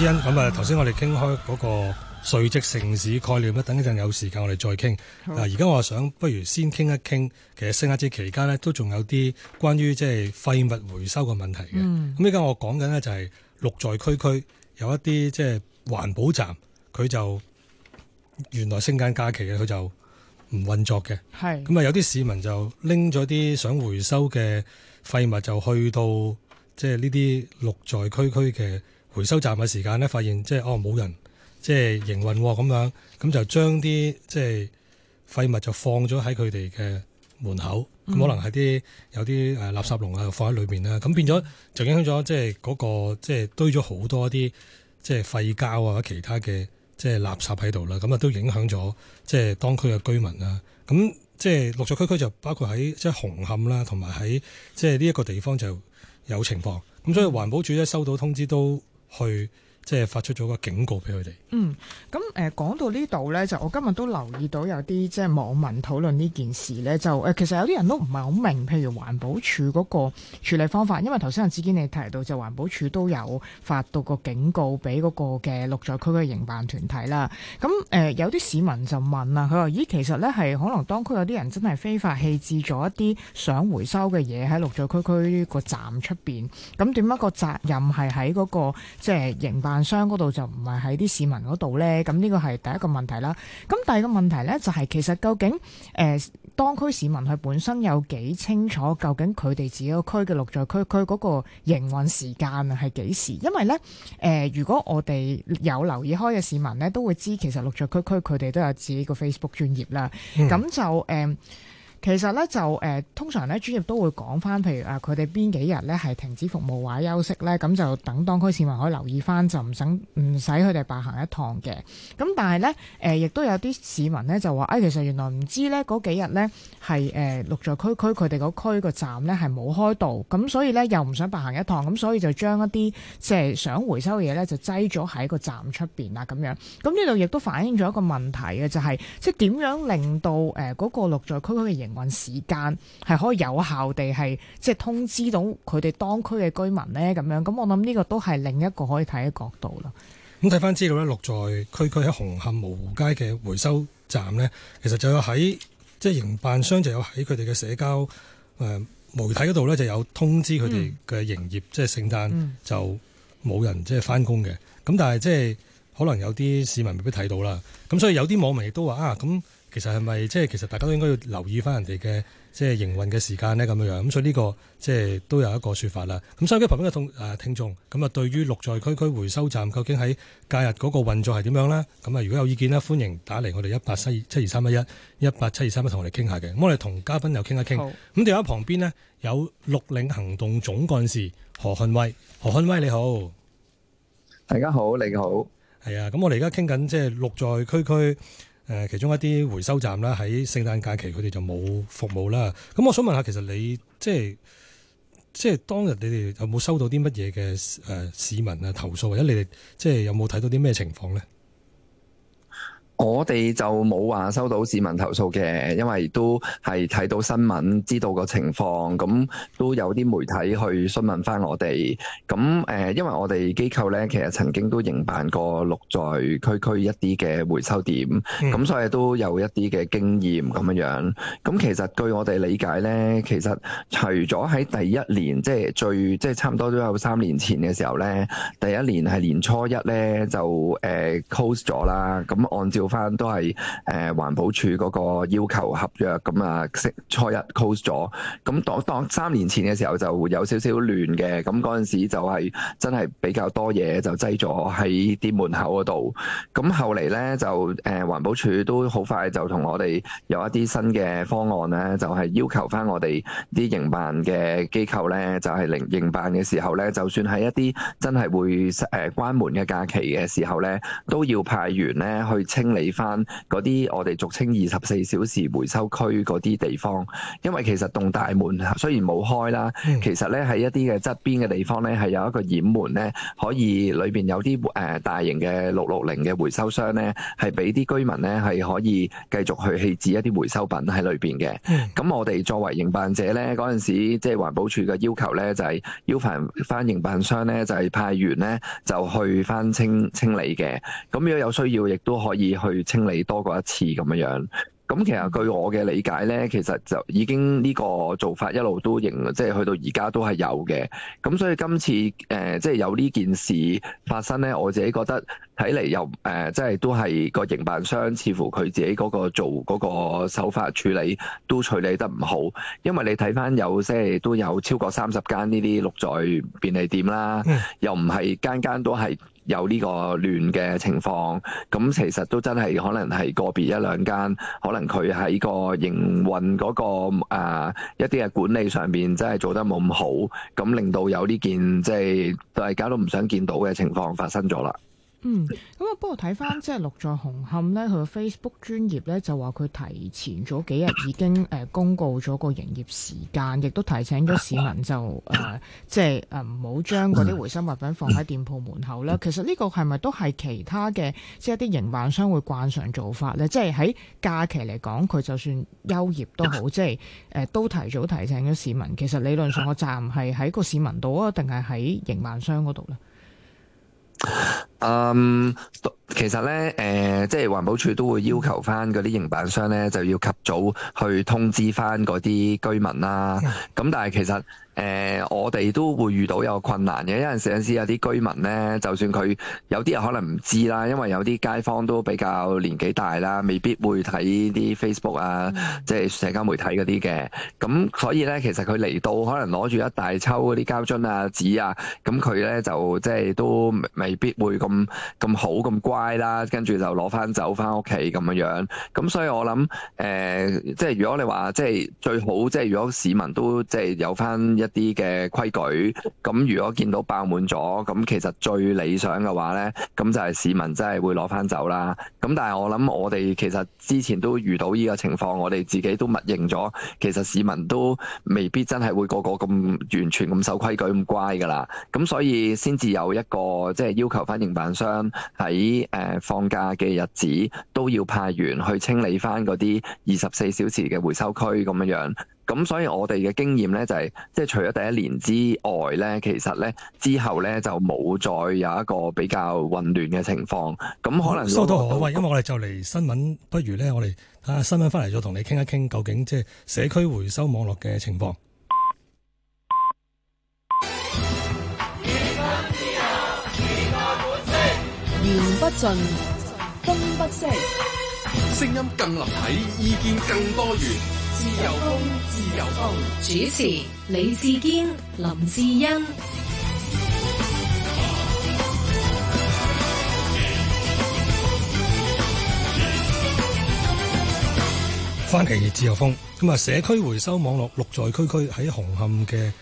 咁啊，頭先我哋傾開嗰個垂直城市概念啦，等一陣有時間我哋再傾。而家好我想不如先傾一傾，其實聖誕期間咧都仲有啲關於即係廢物回收嘅問題嘅。咁依家我講緊咧就係綠在區區有一啲即係環保站，佢就原來聖誕假期嘅佢就唔運作嘅。咁啊是，有啲市民就拎咗啲想回收嘅廢物就去到即係呢啲綠在區區嘅。回收站嘅時間咧，發現即係哦冇人即係營運喎、哦、咁樣，咁就將啲即係廢物就放咗喺佢哋嘅門口，咁、嗯、可能係啲有啲誒垃圾籠啊放喺裏面啦，咁變咗就影響咗即係嗰個即係堆咗好多啲即係廢膠啊或者其他嘅即係垃圾喺度啦，咁啊都影響咗即係當區嘅居民啦。咁即係落咗區區就包括喺即係紅磡啦，同埋喺即係呢一個地方就有情況。咁所以環保署咧收到通知都。去。即係發出咗個警告俾佢哋。嗯，咁誒講到呢度呢，就我今日都留意到有啲即係網民討論呢件事呢。就誒其實有啲人都唔係好明白，譬如環保署嗰個處理方法，因為頭先阿子堅你提到就環保署都有發到個警告俾嗰個嘅綠在區區嘅營辦團體啦。咁誒有啲市民就問啦，佢話：咦，其實呢，係可能當區有啲人真係非法棄置咗一啲想回收嘅嘢喺綠在區區個站出邊，咁點解個責任係喺嗰個即係、就是、營辦商嗰度就唔係喺啲市民嗰度咧，咁呢個係第一個問題啦。咁第二個問題咧，就係、是，其實究竟誒、呃，當區市民佢本身有幾清楚，究竟佢哋自己個區嘅綠在區區嗰個營運時間係幾時？因為咧誒、呃，如果我哋有留意開嘅市民咧，都會知道其實綠在區區佢哋都有自己個 Facebook 專頁啦。咁、嗯、就誒。呃其實咧就、呃、通常咧專業都會講翻，譬如啊佢哋邊幾日咧係停止服務或者休息咧，咁就等當區市民可以留意翻，就唔使唔使佢哋白行一趟嘅。咁但係咧亦都有啲市民咧就話啊、哎，其實原來唔知咧嗰幾日咧係誒綠在區區佢哋嗰區個站咧係冇開道，咁所以咧又唔想白行一趟，咁所以就將一啲即係想回收嘅嘢咧就擠咗喺個站出面啦咁樣。咁呢度亦都反映咗一個問題嘅，就係、是、即係點樣令到嗰、呃嗰個綠在區區嘅營。揾時間係可以有效地係即係通知到佢哋當區嘅居民呢。咁樣，咁我諗呢個都係另一個可以睇嘅角度啦。咁睇翻資料咧，綠在區區喺紅磡蕪湖街嘅回收站呢，其實就有喺即係營辦商就有喺佢哋嘅社交誒媒體嗰度呢，就有通知佢哋嘅營業、嗯、即係聖誕就冇人、嗯、即係翻工嘅。咁但係即係可能有啲市民未必睇到啦。咁所以有啲網民亦都話啊，咁。其實係咪即係其實大家都應該要留意翻人哋嘅即係營運嘅時間呢，咁樣樣咁所以呢個即係都有一個說法啦。咁收音機旁邊嘅同誒聽眾，咁啊對於綠在區區回收站究竟喺假日嗰個運作係點樣呢？咁啊如果有意見呢，歡迎打嚟我哋一八七二七二三一一一八七二三一同我哋傾下嘅。咁我哋同嘉賓又傾一傾。咁電話旁邊呢，有綠領行動總幹事何漢威。何漢威你好，大家好，你好。係啊，咁我哋而家傾緊即係綠在區區。誒其中一啲回收站啦，喺聖誕假期佢哋就冇服務啦。咁我想問下，其實你即係即係當日你哋有冇收到啲乜嘢嘅誒市民啊投訴，或者你哋即係有冇睇到啲咩情況咧？我哋就冇話收到市民投訴嘅，因為都係睇到新聞知道個情況，咁都有啲媒體去詢問翻我哋。咁誒，因為我哋機構咧,其實曾經都營辦過綠在區區一啲嘅回收點，咁、嗯、所以都有一啲嘅經驗咁樣樣，咁其實據我哋理解咧，其實除咗喺第一年，即係最即係差唔多都有三年前嘅時候咧，第一年係年初一咧就誒 close 咗啦。咁按照翻都係誒環保署嗰個要求合約咁啊，息初一 close 咗。咁當當三年前嘅時候就有少少亂嘅，咁陣時候就係真係比較多嘢就擠咗喺啲門口度。咁後嚟咧就誒環保署都好快就同我哋有一啲新嘅方案咧，就係要求翻我哋啲營辦嘅機構咧，就係零營辦嘅時候咧，就算係一啲真係會誒關門嘅假期嘅時候咧，都要派員咧去清理。嚟翻嗰啲我哋俗稱二十四小時回收區嗰啲地方，因為其實棟大門雖然冇開啦，其實咧喺一啲嘅側邊嘅地方咧，係有一個掩門咧，可以裏面有啲誒大型嘅六六零嘅回收箱咧，係俾啲居民咧係可以繼續去棄置一啲回收品喺裏面嘅。咁我哋作為營辦者咧，嗰陣時即係環保署嘅要求咧，就係要翻翻營辦商咧，就係派員咧就去翻清清理嘅。咁如果有需要，亦都可以去。去清理多過一次咁樣樣，咁其實據我嘅理解咧，其實就已經呢個做法一路都仍即係去到而家都係有嘅。咁所以今次誒、呃，即係有呢件事發生咧，我自己覺得睇嚟又誒、呃，即係都係、嗰個營辦商似乎佢自己嗰個做嗰、嗰個手法處理都處理得唔好，因為你睇翻有即係都有超過三十間呢啲綠在便利店啦，又唔係間間都係。有呢個亂嘅情況，咁其實都真係可能係個別一兩間，可能佢喺個營運嗰、個、呃、一啲嘅管理上面真係做得冇咁好，咁令到有呢件即係、就是、大家都唔想見到嘅情況發生咗啦。嗯，咁啊，不過睇翻即係綠在紅磡咧，佢 Facebook 專頁咧就話佢提前咗幾日已經誒、呃、公告咗個營業時間，亦都提醒咗市民就誒、呃、即係誒唔好將嗰啲回收物品放喺店鋪門口啦。其實呢個係咪都係其他嘅即係一啲營辦商會慣常做法咧？即係喺假期嚟講，佢就算休業都好，即係誒、呃、都提早提醒咗市民。其實理論上個責任係喺個市民度啊，定係喺營辦商嗰度咧？嗯，um, 其實咧，誒、呃、即係環保署都會要求翻嗰啲營辦商咧，就要及早去通知翻嗰啲居民啦。咁的但係其實誒、呃、我哋都會遇到有個困難嘅，有陣時有啲居民咧，就算佢有啲人可能唔知啦，因為有啲街坊都比較年紀大啦，未必會睇啲 Facebook 啊，嗯、即係社交媒體嗰啲嘅。咁所以咧，其實佢嚟到可能攞住一大抽嗰啲膠樽啊、紙啊，咁佢咧就即係都未，未必會。咁咁好咁乖啦，跟住就攞翻走翻屋企咁樣，咁所以我諗，呃，即係如果你話即係最好，即係如果市民都即係有翻一啲嘅規矩，咁如果見到爆滿咗，咁其實最理想嘅話咧，咁就係市民真係會攞翻走啦。咁但係我諗我哋其實之前都遇到呢個情況，我哋自己都默認咗，其實市民都未必真係會個個咁完全咁守規矩咁乖噶啦，咁所以先至有一個即係要求翻應行商喺誒放假嘅日子都要派員去清理翻嗰啲二十四小時嘅回收區咁樣樣，咁所以我哋嘅經驗呢，就係、是，即係除咗第一年之外呢，其實呢之後呢，就冇再有一個比較混亂嘅情況。咁可能收到好喂，因為我哋就嚟新聞，不如呢，我哋睇下新聞翻嚟再同你傾一傾，究竟即係社區回收網絡嘅情況。言不盡，風不息，聲音更立體，意見更多元，自由風，自由風。主持李志堅、林志恩。返嚟自由風，咁啊，社區回收網絡綠在區區喺紅磡嘅，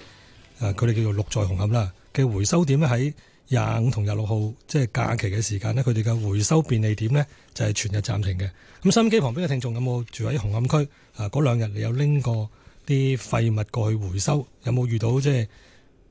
誒，佢哋叫做綠在紅磡啦嘅、呃、回收點咧喺。廿五同廿六號即係假期嘅時間咧，佢哋嘅回收便利點呢，就係全日暫停嘅。咁收音機旁邊嘅聽眾有冇住喺紅磡區？啊，嗰兩日你有拎過啲廢物過去回收，有冇遇到即係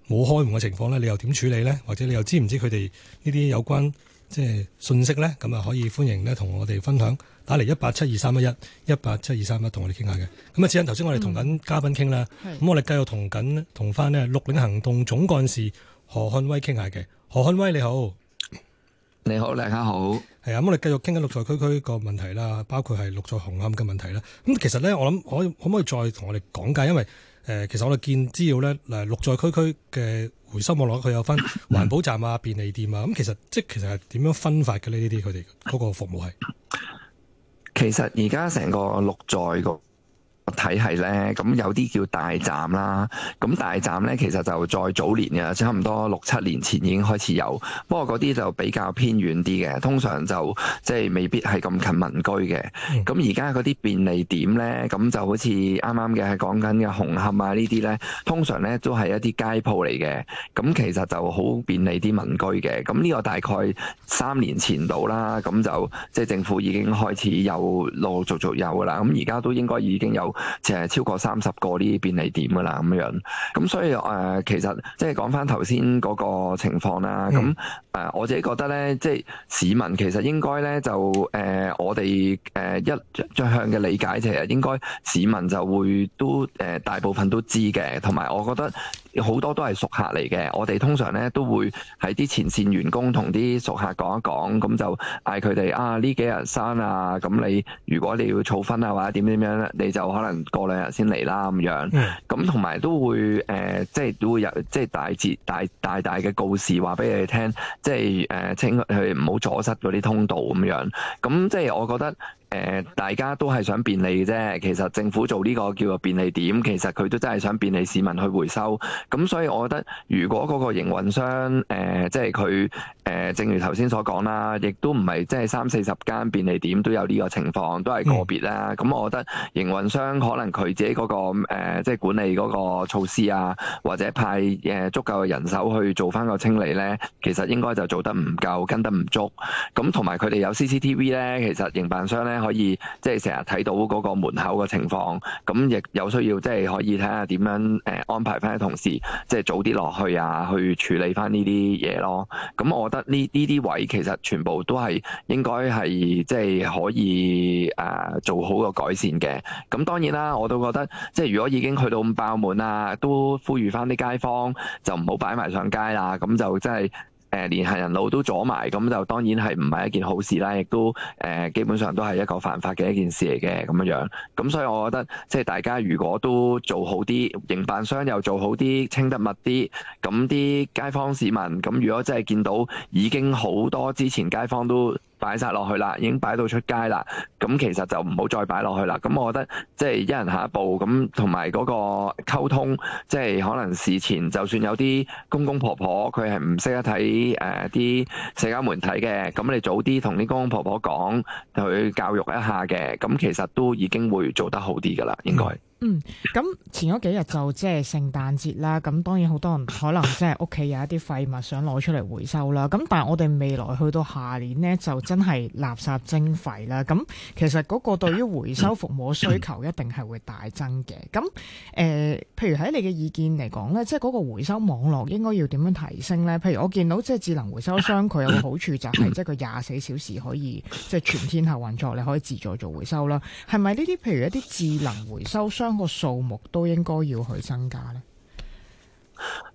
冇開門嘅情況呢？你又點處理呢？或者你又知唔知佢哋呢啲有關即係信息呢？咁啊，可以歡迎呢同我哋分享，打嚟一八七二三一一一八七二三一同我哋傾下嘅。咁啊，先頭先我哋同緊嘉賓傾啦，咁、嗯、我哋繼續同緊同翻呢綠領行動總幹事何漢威傾下嘅。何漢威你好，你好大家好，係啊，咁、嗯、我哋繼續傾緊綠在區區個問題啦，包括係綠在紅磡嘅問題啦。咁、嗯、其實咧，我諗可可唔可以再同我哋講解？因為誒、呃，其實我哋見資料咧，誒綠在區區嘅回收網絡，佢有分環保站啊、 便利店啊。咁、嗯、其實即係其實係點樣分發嘅呢？呢啲佢哋嗰個服務係？其實而家成個綠在個。體系咧，咁有啲叫大站啦，咁大站咧，其實就再早年呀，差唔多六七年前已經開始有，不過嗰啲就比較偏遠啲嘅，通常就即係未必係咁近民居嘅。咁而家嗰啲便利店咧，咁就好似啱啱嘅係講緊嘅紅磡啊呢啲咧，通常咧都係一啲街鋪嚟嘅，咁其實就好便利啲民居嘅。咁呢個大概三年前度啦，咁就即係政府已經開始有陸陸續續有噶啦，咁而家都應該已經有。就係超過三十個呢啲便利店噶啦，咁樣，咁所以誒、呃，其實即係講翻頭先嗰個情況啦，咁。嗯我自己覺得咧，即係市民其實應該咧就誒、呃、我哋誒、呃、一著向嘅理解，其實應該市民就會都誒、呃、大部分都知嘅，同埋我覺得好多都係熟客嚟嘅。我哋通常咧都會喺啲前線員工同啲熟客講一講，咁就嗌佢哋啊呢幾日閂啊，咁你如果你要儲分啊或者點點樣咧，你就可能過兩日先嚟啦咁樣。咁同埋都會誒、呃，即係都會有即係大節大大大嘅告示話俾你哋聽。即係誒清佢唔好阻塞嗰啲通道咁樣，咁即係我覺得。誒、呃，大家都係想便利嘅啫。其實政府做呢個叫做便利點，其實佢都真係想便利市民去回收。咁所以我覺得，如果嗰個營運商誒、呃，即係佢誒，正如頭先所講啦，亦都唔係即係三四十間便利點都有呢個情況，都係個別啦。咁、嗯、我覺得營運商可能佢自己嗰、那個誒、呃，即係管理嗰個措施啊，或者派誒足夠嘅人手去做翻個清理咧，其實應該就做得唔夠，跟得唔足。咁同埋佢哋有，有 CCTV 咧，其實營辦商咧。可以即係成日睇到嗰個門口嘅情況，咁亦有需要即係可以睇下點樣誒安排翻啲同事，即係早啲落去啊，去處理翻呢啲嘢咯。咁我覺得呢呢啲位其實全部都係應該係即係可以誒做好個改善嘅。咁當然啦，我都覺得即係如果已經去到咁爆滿呀，都呼籲翻啲街坊就唔好擺埋上街啦。咁就即係。誒連行人路都阻埋，咁就當然係唔係一件好事啦，亦都誒、呃、基本上都係一個犯法嘅一件事嚟嘅咁樣樣。咁所以我覺得，即係大家如果都做好啲，營辦商又做好啲，清得密啲，咁啲街坊市民，咁如果真係見到已經好多之前街坊都。擺晒落去啦，已經擺到出街啦。咁其實就唔好再擺落去啦。咁我覺得即係、就是、一人下一步咁，同埋嗰個溝通，即、就、係、是、可能事前就算有啲公公婆婆佢係唔識得睇誒啲社交媒體嘅，咁你早啲同啲公公婆婆講，去教育一下嘅，咁其實都已經會做得好啲噶啦，應該。嗯，咁前嗰幾日就即係聖誕節啦，咁當然好多人可能即係屋企有一啲廢物想攞出嚟回收啦。咁但係我哋未來去到下年咧，就真係垃圾徵費啦。咁其實嗰個對於回收服務嘅需求一定係會大增嘅。咁誒、呃，譬如喺你嘅意見嚟講咧，即係嗰個回收網絡應該要點樣提升咧？譬如我見到即係智能回收箱，佢有個好處就係即係佢廿四小時可以即係全天候運作，你可以自助做回收啦。係咪呢啲？譬如一啲智能回收箱。當個數目都應該要去增加咧。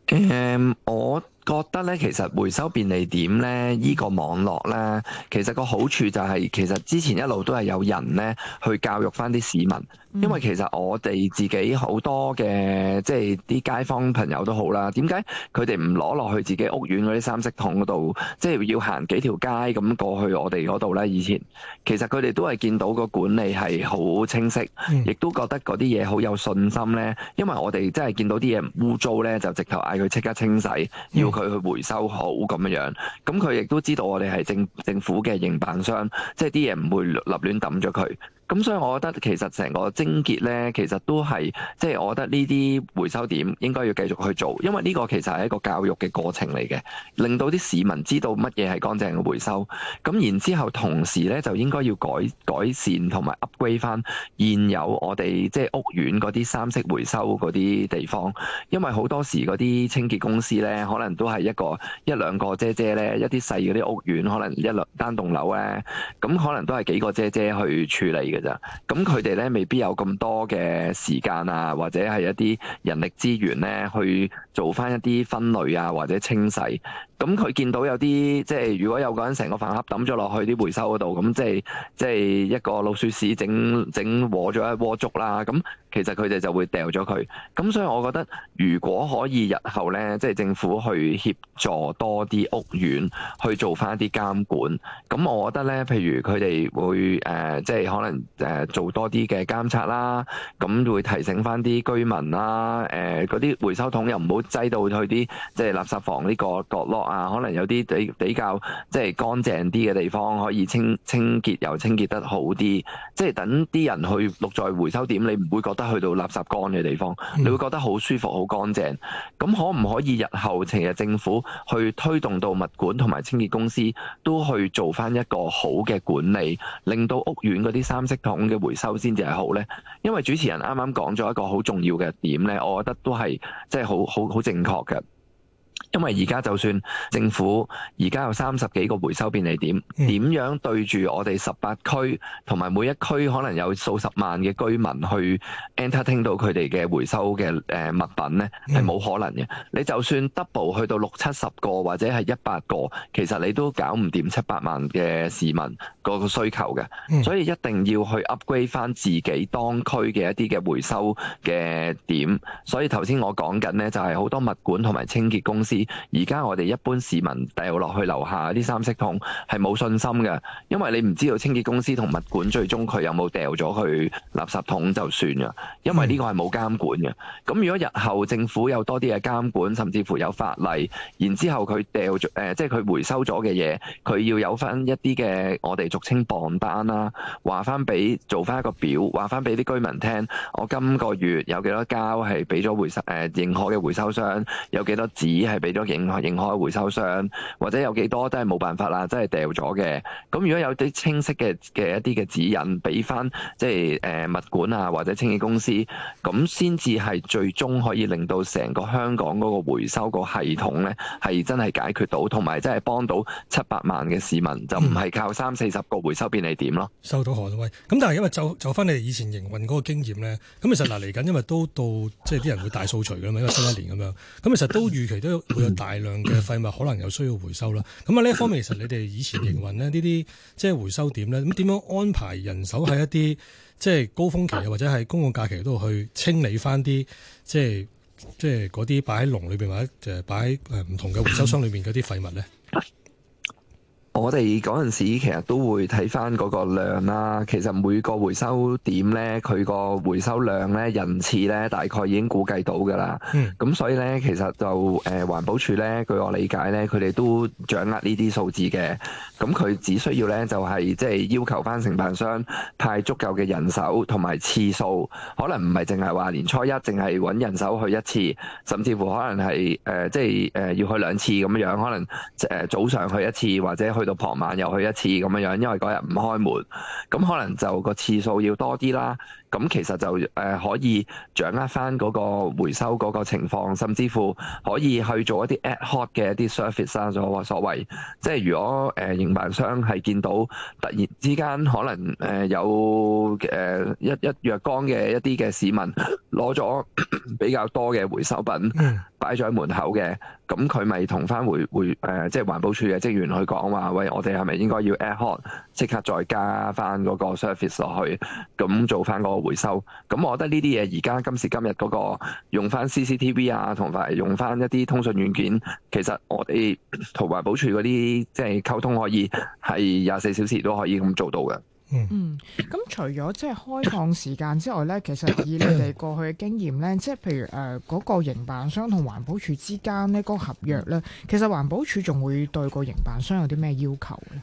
誒，um, 我。覺得咧，其實回收便利點咧，依個網絡咧，其實個好處就係，其實之前一路都係有人咧去教育翻啲市民，因為其實我哋自己好多嘅即係啲街坊朋友都好啦。點解佢哋唔攞落去自己屋苑嗰啲三色桶嗰度？即係要行幾條街咁過去我哋嗰度咧？以前其實佢哋都係見到個管理係好清晰，亦都覺得嗰啲嘢好有信心咧。因為我哋真係見到啲嘢污糟咧，就直頭嗌佢即刻清洗要。佢去回收好咁樣樣，咁佢亦都知道我哋係政政府嘅營辦商，即係啲嘢唔會立亂抌咗佢。咁所以，我覺得其實成個症結咧，其實都係即係我覺得呢啲回收點應該要繼續去做，因為呢個其實係一個教育嘅過程嚟嘅，令到啲市民知道乜嘢係乾淨嘅回收。咁然之後同時咧就應該要改改善同埋 upgrade 翻現有我哋即係屋苑嗰啲三色回收嗰啲地方，因為好多時嗰啲清潔公司咧，可能都係一個一兩個姐姐咧，一啲細嗰啲屋苑可能一兩單棟樓咧，咁可能都係幾個姐姐去處理嘅。咁佢哋咧未必有咁多嘅時間啊，或者係一啲人力資源咧去做翻一啲分類啊，或者清洗。咁佢見到有啲即係如果有個人成個飯盒抌咗落去啲回收嗰度，咁即係即係一個老鼠屎整整和咗一鍋粥啦。咁其實佢哋就會掉咗佢。咁所以我覺得，如果可以日後咧，即係政府去協助多啲屋苑去做翻一啲監管，咁我覺得咧，譬如佢哋會誒、呃，即係可能。做多啲嘅監測啦，咁會提醒翻啲居民啦。嗰、呃、啲回收桶又唔好擠到去啲即係垃圾房呢個角落啊。可能有啲比比較即係乾淨啲嘅地方，可以清清潔又清潔得好啲。即係等啲人去落在回收點，你唔會覺得去到垃圾乾嘅地方，你會覺得好舒服、好乾淨。咁可唔可以日後成日政府去推動到物管同埋清潔公司都去做翻一個好嘅管理，令到屋苑嗰啲三系統嘅回收先至係好咧，因為主持人啱啱講咗一個好重要嘅點咧，我覺得都係即係好好好正確嘅。因為而家就算政府而家有三十幾個回收便利點，點、嗯、樣對住我哋十八區同埋每一區可能有數十萬嘅居民去 entertain 到佢哋嘅回收嘅誒物品咧，係冇、嗯、可能嘅。你就算 double 去到六七十個或者係一百個，其實你都搞唔掂七百萬嘅市民個需求嘅。嗯、所以一定要去 upgrade 翻自己當區嘅一啲嘅回收嘅點，所以頭先我講緊咧，就係好多物管同埋清潔公司。而家我哋一般市民掉落去樓下啲三色桶係冇信心嘅，因為你唔知道清潔公司同物管最終佢有冇掉咗去垃圾桶就算啦，因為呢個係冇監管嘅。咁如果日後政府有多啲嘅監管，甚至乎有法例，然之後佢掉咗誒，即係佢回收咗嘅嘢，佢要有翻一啲嘅我哋俗稱磅單啦，話翻俾做翻一個表，話翻俾啲居民聽，我今個月有幾多膠係俾咗回收誒、呃、認可嘅回收商，有幾多紙係俾咗認認可回收商，或者有幾多都係冇辦法啦，真係掉咗嘅。咁如果有啲清晰嘅嘅一啲嘅指引，俾翻即係誒物管啊，或者清潔公司，咁先至係最終可以令到成個香港嗰個回收個系統咧，係真係解決到，同埋真係幫到七百萬嘅市民，嗯、就唔係靠三四十個回收便利點咯。收到何威。咁但係因為就就翻你哋以前營運嗰個經驗咧，咁其實嗱嚟緊， 因為都到即係啲人會大掃除咁樣，因為新一年咁樣，咁其實都預期都有。大量嘅廢物可能有需要回收啦，咁啊呢一方面，其實你哋以前營運咧呢啲即係回收點咧，咁點樣安排人手喺一啲即係高峰期啊，或者係公共假期都去清理翻啲即係即係嗰啲擺喺籠裏面，或者就係擺喺唔同嘅回收箱裏面嗰啲廢物咧？我哋嗰陣時其實都會睇翻嗰個量啦。其實每個回收點咧，佢個回收量咧、人次咧，大概已經估計到㗎啦。咁、嗯、所以咧，其實就誒環保署咧，據我理解咧，佢哋都掌握呢啲數字嘅。咁佢只需要咧，就係、是、即係要求翻承辦商派足夠嘅人手同埋次數。可能唔係淨係話年初一淨係揾人手去一次，甚至乎可能係誒、呃、即係誒、呃、要去兩次咁樣樣。可能誒、呃、早上去一次或者去。去到傍晚又去一次咁樣樣，因為嗰日唔開門，咁可能就個次數要多啲啦。咁其實就誒可以掌握翻嗰個回收嗰個情況，甚至乎可以去做一啲 ad hoc 嘅一啲 service 啊，所所謂。即係如果誒營、呃、辦商係見到突然之間可能誒有誒一一,一若干嘅一啲嘅市民攞咗 比較多嘅回收品擺咗喺門口嘅，咁佢咪同翻回回誒、呃、即係環保處嘅職員去講話。喂，我哋係咪應該要 at hot 即刻再加翻嗰個 service 落去，咁做翻個回收？咁我覺得呢啲嘢而家今時今日嗰、嗰個用翻 CCTV 啊，同埋用翻一啲通訊軟件，其實我哋同埋保持嗰啲即係溝通可以係廿四小時都可以咁做到嘅。嗯，咁除咗即係開放時間之外呢，其實以你哋過去嘅經驗呢，即係譬如誒嗰、呃那個營辦商同環保署之間呢、那個合約呢，嗯、其實環保署仲會對個營辦商有啲咩要求呢？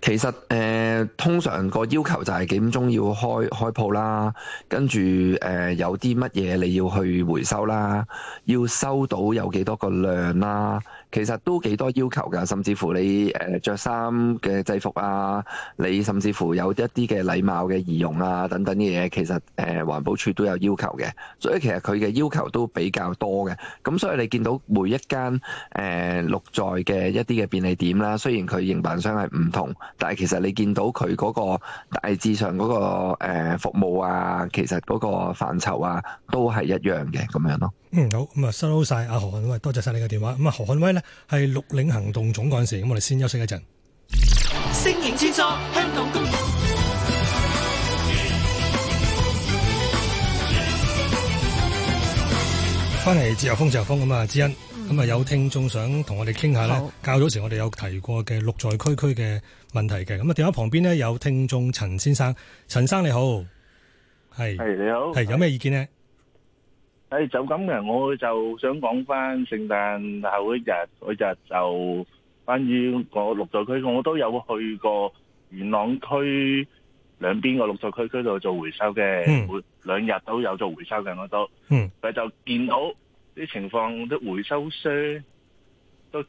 其實誒、呃，通常個要求就係幾點鐘要開開鋪啦，跟住誒、呃、有啲乜嘢你要去回收啦，要收到有幾多個量啦。其實都幾多要求㗎，甚至乎你誒、呃、着衫嘅制服啊，你甚至乎有一啲嘅禮貌嘅儀容啊等等嘅嘢，其實誒、呃、環保署都有要求嘅，所以其實佢嘅要求都比較多嘅。咁所以你見到每一間誒綠在嘅一啲嘅便利店啦，雖然佢營辦商係唔同，但係其實你見到佢嗰個大致上嗰、嗰個、呃、服務啊，其實嗰個範疇啊都係一樣嘅咁樣咯。嗯，好，咁啊收收晒，阿何漢威，多謝晒你嘅電話。咁啊何漢威咧？係綠領行動總幹事，咁我哋先休息一陣。星影穿梭，香港公司。人。翻嚟自由風，自由風咁啊！之欣，咁啊、嗯、有聽眾想同我哋傾下啦。好較早前我哋有提過嘅綠在區區嘅問題嘅，咁啊電話旁邊呢？有聽眾陳先生，陳先生你好，係係是是你好，係是是有咩意見呢？誒就咁嘅，我就想講翻聖誕後一日嗰日就關於個綠在區區，我都有去過元朗區兩邊個綠在區區度做回收嘅，兩日都有做回收嘅我都。佢就見到啲情況，啲回收箱都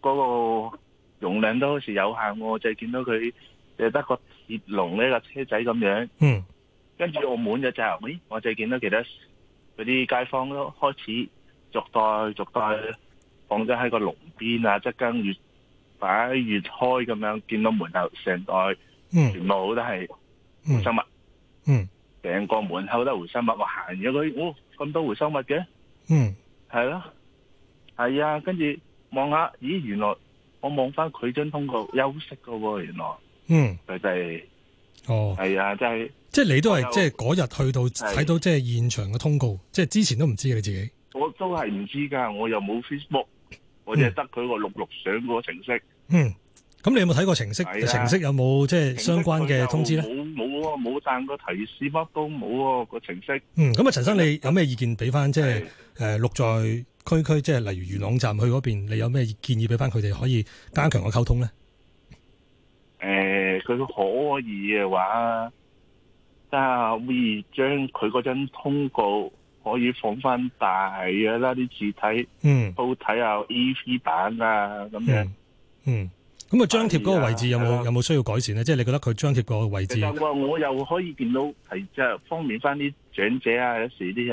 嗰個容量都好似有限，我就係見到佢誒得個鐵籠呢個車仔咁樣。跟住澳門嘅就咦，我就見到其他。嗰啲街坊都開始逐袋逐袋放咗喺個籠邊啊，即係越擺越,越開咁樣，見到門口成袋全部都係回收物嗯。嗯，成、嗯、個門口都係回收物，我行咗佢，哦，咁多回收物嘅。嗯，係咯，係啊，跟住望下，咦，原來我望翻佢張通告休息噶喎，原來。嗯，就哋、是，哦，係啊，真係。即係你都係，即係嗰日去到睇到，即係現場嘅通告，是的即係之前都唔知你自己。我都係唔知噶，我又冇 Facebook，我就係、嗯、得佢個綠綠賞個程式。嗯，咁你有冇睇過程式？的程式有冇即係相關嘅通知咧？冇冇啊！冇彈個提示乜都冇啊！個程式。嗯，咁啊，陳生你有咩意見俾翻的？即係誒，綠在區區，即係例如元朗站去嗰邊，你有咩建議俾翻佢哋可以加強個溝通咧？誒、呃，佢可以嘅話。啊！可以將佢嗰張通告可以放翻大嘅啦，啲字體都睇下 E V 版啊，咁樣、嗯就嗯。嗯，咁啊，張貼嗰個位置有冇有冇、啊、需要改善呢？即係、啊、你覺得佢張貼個位置。其實我又可以見到係即係方便翻啲長者啊，有時啲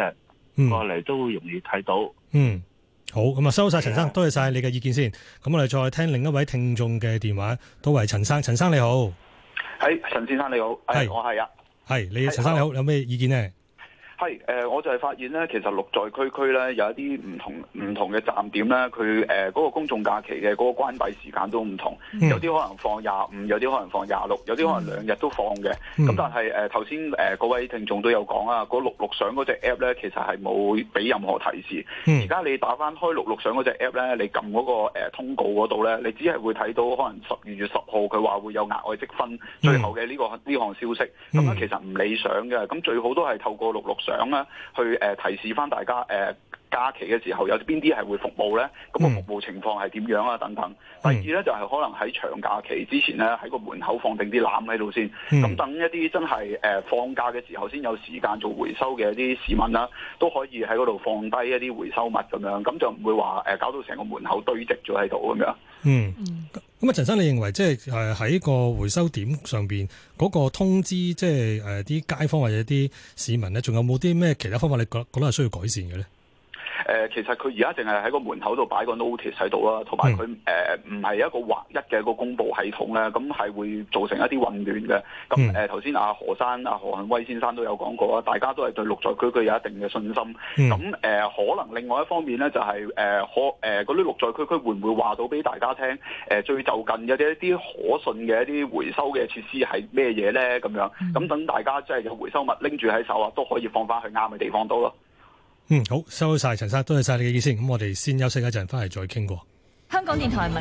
人過嚟都會容易睇到。嗯，嗯，好，咁啊，收晒陳生，啊、多謝晒你嘅意見先。咁我哋再聽另一位聽眾嘅電話，都係陳生。陳生你好，喺陳先生你好，我係啊。係，你陳生你好，有咩意見呢？係，誒、呃、我就係發現咧，其實綠在區區咧有一啲唔同唔同嘅站點咧，佢嗰、呃那個公眾假期嘅嗰、那個關閉時間都唔同，嗯、有啲可能放廿五，有啲可能放廿六，有啲可能兩日都放嘅。咁、嗯、但係頭先各位聽眾都有講啊，嗰綠綠賞嗰隻 app 咧，其實係冇俾任何提示。而家、嗯、你打返開綠綠賞嗰隻 app 咧，你撳嗰、那個、呃、通告嗰度咧，你只係會睇到可能十二月十號佢話會有額外積分，最後嘅呢、呢個呢項、嗯、消息，咁、嗯嗯、其實唔理想嘅。咁最好都係透過綠綠賞。想咧，去誒、呃、提示翻大家誒、呃、假期嘅時候有邊啲係會服務咧，咁、嗯、個服務情況係點樣啊？等等。第二咧、嗯、就係可能喺長假期之前咧，喺個門口放定啲籃喺度先，咁、嗯、等一啲真係誒、呃、放假嘅時候先有時間做回收嘅一啲市民啦，都可以喺嗰度放低一啲回收物咁樣，咁就唔會話誒、呃、搞到成個門口堆積咗喺度咁樣。嗯。嗯。咁啊，陳生，你認為即係誒喺個回收點上邊嗰個通知，即係誒啲街坊或者啲市民咧，仲有冇啲咩其他方法你覺覺得係需要改善嘅咧？誒、呃，其實佢而家淨係喺個門口度擺個 notice 喺度啦，同埋佢誒唔係一個劃一嘅一個公佈系統咧，咁係會造成一啲混亂嘅。咁誒頭先阿、啊、何生、阿何漢威先生都有講過啦，大家都係對綠在區區有一定嘅信心。咁誒、呃，可能另外一方面咧，就係、是、誒、呃、可誒嗰啲綠在區區會唔會話到俾大家聽？誒、呃、最就近嘅一啲可信嘅一啲回收嘅設施係咩嘢咧？咁樣咁等大家即係有回收物拎住喺手啊，都可以放翻去啱嘅地方都。咯。嗯，好，收晒，陳生，多謝晒你嘅意思，咁我哋先休息一陣，翻嚟再傾過。香港電台。